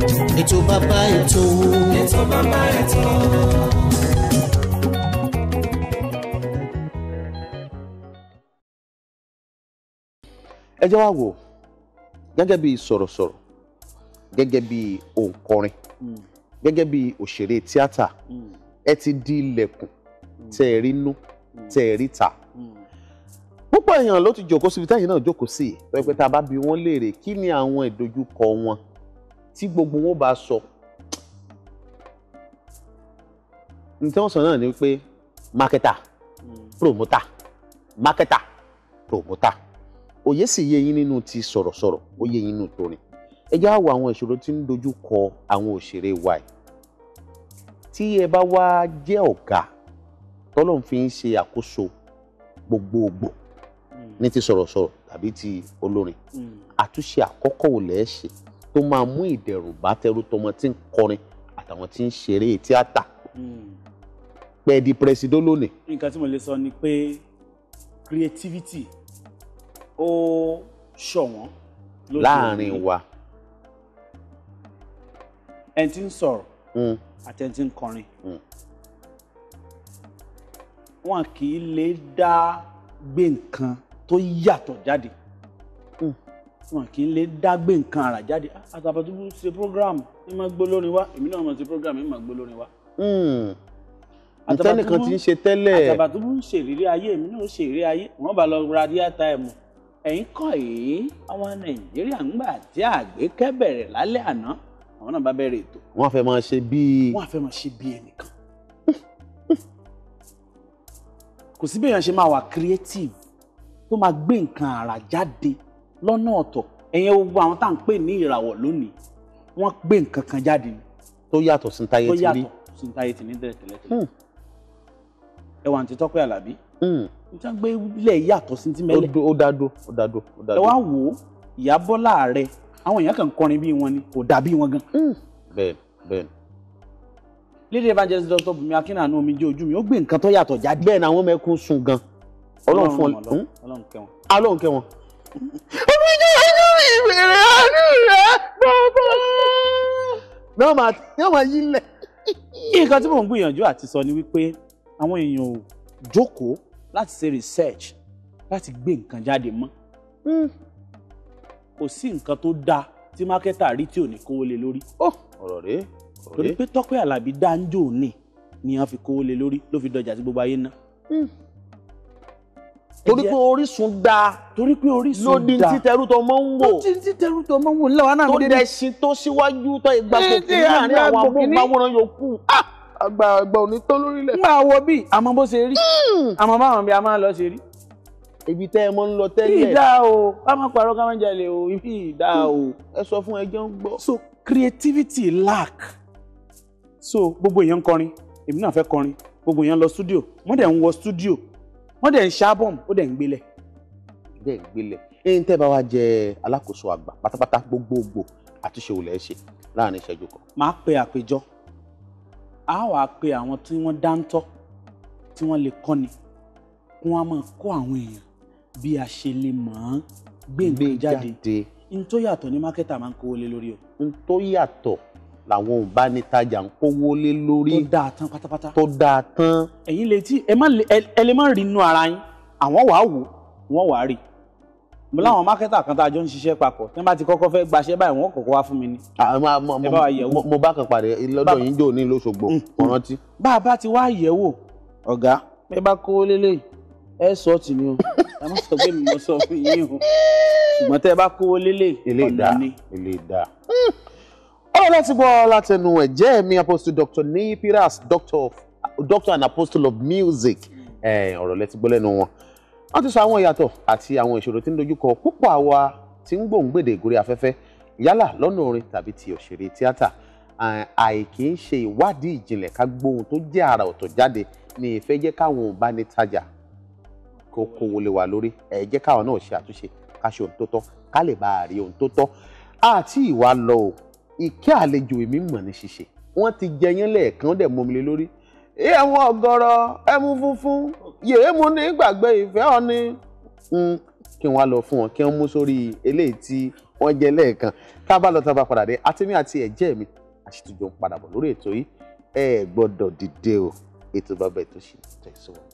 ètò bàbá ètò. ètò bàbá ètò. ẹ jẹ́ wá wò gẹ́gẹ́ bí sọ̀rọ̀sọ̀rọ̀ gẹ́gẹ́ bí òǹkọrin gẹ́gẹ́ bí òṣèré tíátà ẹ ti di ilẹ̀kùn tẹ̀ rí nú tẹ̀ rí ta púpọ̀ èèyàn ló ti jòkó síbi táyìn náà jòkó sí i pẹ́pẹ́ tá a bá bi wọ́n léèrè kí ni àwọn ìdojúkọ wọn tí gbogbo wọn bá sọ nǹkan ọ̀sán náà ni pé marketer promoter marketer promoter òye sì yé yín nínú ti sọ̀rọ̀sọ̀rọ̀ ó yé yín nínú torin ẹ já wo àwọn ìṣòro tí ń dojú kọ àwọn òṣèré wa yìí tí ẹ bá wá jẹ́ ọ̀gá tọ́lọ́run fi ń ṣe àkóso gbogbogbò ní ti sọ̀rọ̀sọ̀rọ̀ tàbí ti olórin hmm. àtúnṣe àkọ́kọ́ ò lẹ́ẹ̀ ṣe tó máa mú ìdẹ̀rù bá tẹrú tọmọ tí ń kọrin àtàwọn tí ń ṣeré tíátà hmm. pẹ́ di pẹ́sidó lónìí. nǹkan tí mo lè sọ ni pé creativity ó ṣọ̀wọ́n. láàrin wa. ẹni tí ń sọ̀rọ̀ hmm. àti ẹni tí ń kọrin hmm. wọn kì í lè dá gbé nǹkan tó yàtọ̀ jáde wọn kì í lè dágbé nǹkan àrà jáde ah, àtàbàtúbù ṣe program ẹ máa gbó lórin wá èmi náà máa ṣe program ẹ máa gbó lórin wá. Hmm. ntẹ́nìkan ti ń ṣe tẹ́lẹ̀. àtàbàtúbù ń ṣèrìírí ayé èmi náà ń ṣèrìírí ayé wọ́n bá lọ ra díẹ̀ táìmù ẹ̀yìn kọ́ èyí ọmọ nàìjíríà ń gbà tí àgbékẹ́ bẹ̀rẹ̀ lálẹ́ àná àwọn náà bá bẹ̀rẹ̀ ètò. wọ́n fẹ́ máa ṣe bíi. wọ́n fẹ́ máa ṣe bíi ẹnìkan. kò sí bí èèyàn ṣe máa wà creative tó máa gbé nǹkan àrà jáde lọ́nà ọ̀tọ̀ ẹ̀yẹn gbogbo àwọn tá à ń pè ní ìràwọ̀ lónìí wọ́n gbé nǹkan kan jáde tó yàtọ̀ sí táyé ti rí tó yàtọ̀ sí táyé ti ní tẹ́lẹ̀tẹ́lẹ̀ hmm. ẹwà àti tọ́pẹ́ àlàbí hmm. n tí wọ́n gbé ilẹ̀ yàtọ̀ sí ti mẹ́lẹ̀ ó dádó ó dádó ó dádó ẹ wá wò ó ìyábọ̀ láàrẹ àwọn èèyàn kan kọrin bí wọn ni kò dàbí wọn gan. Hmm. bẹ́ẹ̀ bẹ́ẹ̀ lédè evangelist Dr. Bùnmi Akínàánú omi jẹ ojú mi ó gbé nǹkan tó yàtọ̀ jáde. bẹ́ẹ̀ ni àwọn ọmọ ẹkún sun gan Ọlọ́run fún Ọlọ́run olùjọ́jú ìbẹ̀rẹ̀ àánú rẹ̀ bàbá. náà máa yóò máa yí lẹ̀. nǹkan tí mò ń gbìyànjú àti sọ ni wípé àwọn èèyàn ò jókòó láti ṣe research láti gbé nǹkan jáde mọ́ hmm. kò sí nǹkan tó dáa tí mákẹ́tà rí tí ò ní kówó lé lórí. ọ̀rọ̀ rẹ̀ ọ̀rọ̀ rẹ̀ torí pé Tọ́pẹ́ Àlàbí dáńjọ́ ni ni wọ́n fi kówó lé lórí ló fi dọjà sí gbogbo ayé náà. Hmm torí pé orísun da torí pé orísun da lódì tí tẹrú tó mọ ń wò lódì tí tẹrú tó mọ ń wò lọ́wọ́ náà lódì. tó dẹ̀sìn tó síwájú tó ìgbàgbọ́ kìíní àwọn amóhùnmáwòrán yòókù àgbà àgbà òní lórílẹ̀. ń bá a wọ bí àmọ́ bó ṣe rí àmọ́ hmm. báwọn bí a máa lọ ṣe rí. ibi tẹ́ ẹ mọ́ ń lọ tẹ́lẹ̀. ìdá o a máa parọ́ ká máa jalè o ibi ìdá o ẹ sọ fún ẹjọ́ ń gbọ́. so creativity lack so gbogbo èèyàn ń kọrin èmi náà fẹ́ kọrin gbogbo èèyàn lọ studio wọ́n dẹ̀ ń wọ studio wọ́n dẹ̀ ń ṣáàbọ̀m ó dẹ̀ ń gbélẹ̀. dẹ̀ ń gbélẹ̀ ẹ̀yin tẹ́ bá wá jẹ alákòóso àgbà pátápátá gbogbogbò àtúnṣe òlẹ̀ ṣe láàrin ìṣẹ́jú kan. máa pe àpéjọ a wàá pe àwọn tí wọ́n dáńtọ́ tí wọ́n lè kọ́ni kí wọ́n máa kọ́ àwọn èèyàn bí a ṣe lè mọ̀ gbé nǹkan jáde n tó yàtọ̀ ní mákẹ́tà máa ń kówó lé lórí o. n tó yàtọ̀ làwọn ò bá ní tajà ń kówó lé lórí. tó dáa tán pátápátá. tó dáa tán. ẹ̀yin lè tí ẹ má ẹ lè má rí inú ara yín àwọn wàá wò wọ́n wàá rí mo láwọn mákẹ́tà kan tá a jọ ń ṣiṣẹ́ papọ̀ tí wọ́n bá ti kọ́kọ́ fẹ́ gbaṣẹ́ báyìí wọ́n kọ́kọ́ wá fún mi ni. mo bá kan pàdé lọ́dọ̀ yín jò ní lóṣogbo mm, mo rántí. Mm. bá a bá ti wá yẹ̀wò ọ̀gá ẹ bá kówó lélẹ̀ ẹ sọ tì ní o ẹ má sọ pé mi mo sọ fún yín o ṣùgbọ́n tẹ́ ẹ bá kówó lélẹ̀ ọ̀dà ni láti gbọ́ látẹnu ẹ̀jẹ̀ mi apostle dr Niyi Piras doctor doctor and apostle of music ọ̀rọ̀ lẹ́tí gbọ́ lẹ́nu wọn wọ́n ti sọ àwọn ìyàtọ̀ àti àwọn ìṣòro tí ń dojúkọ púpọ̀ àwa tí ń gbòǹgbèdè ìgòrí afẹ́fẹ́ yálà lọ́nà orin tàbí ti òṣèré tíátà àìkí ń ṣe ìwádìí ìjìnlẹ̀ ká gbóhun tó jẹ́ àrà ọ̀tọ̀ jáde ní ìfẹ́ jẹ́ káwọn ò bá ní tajà kó kówó lé wa lórí ẹ̀ jẹ́ káwọn náà ṣe àtúnṣe ká ṣe ohun tó tọ́ ká lè bá a rí ohun tó tọ́ àti ìwà lọ o ìkẹ́ àlejò èmi mọ̀ ní ṣíṣe wọ́n ti jẹ yín lẹ́ẹ̀kan dẹ̀ mọ́ mi lé lórí ẹ̀wọ̀n ọ̀gọ̀rọ̀ ẹmu funfun yèé mu ní gbàgbé ìfẹ́ ọ̀ni kí wọ́n á lọ fún wọn kí wọ́n mú sórí eléyìí tí wọ́n jẹ lẹ́ẹ̀kan tá a bá lọ tá a bá padà dé àtẹ̀mí àti ẹ̀jẹ̀ mi àṣìtújọ́ ń padà bọ̀ lórí ètò yìí ẹ gbọ́dọ̀ dìde o ètò bàbá ètò ṣì tẹ̀síwọ̀n.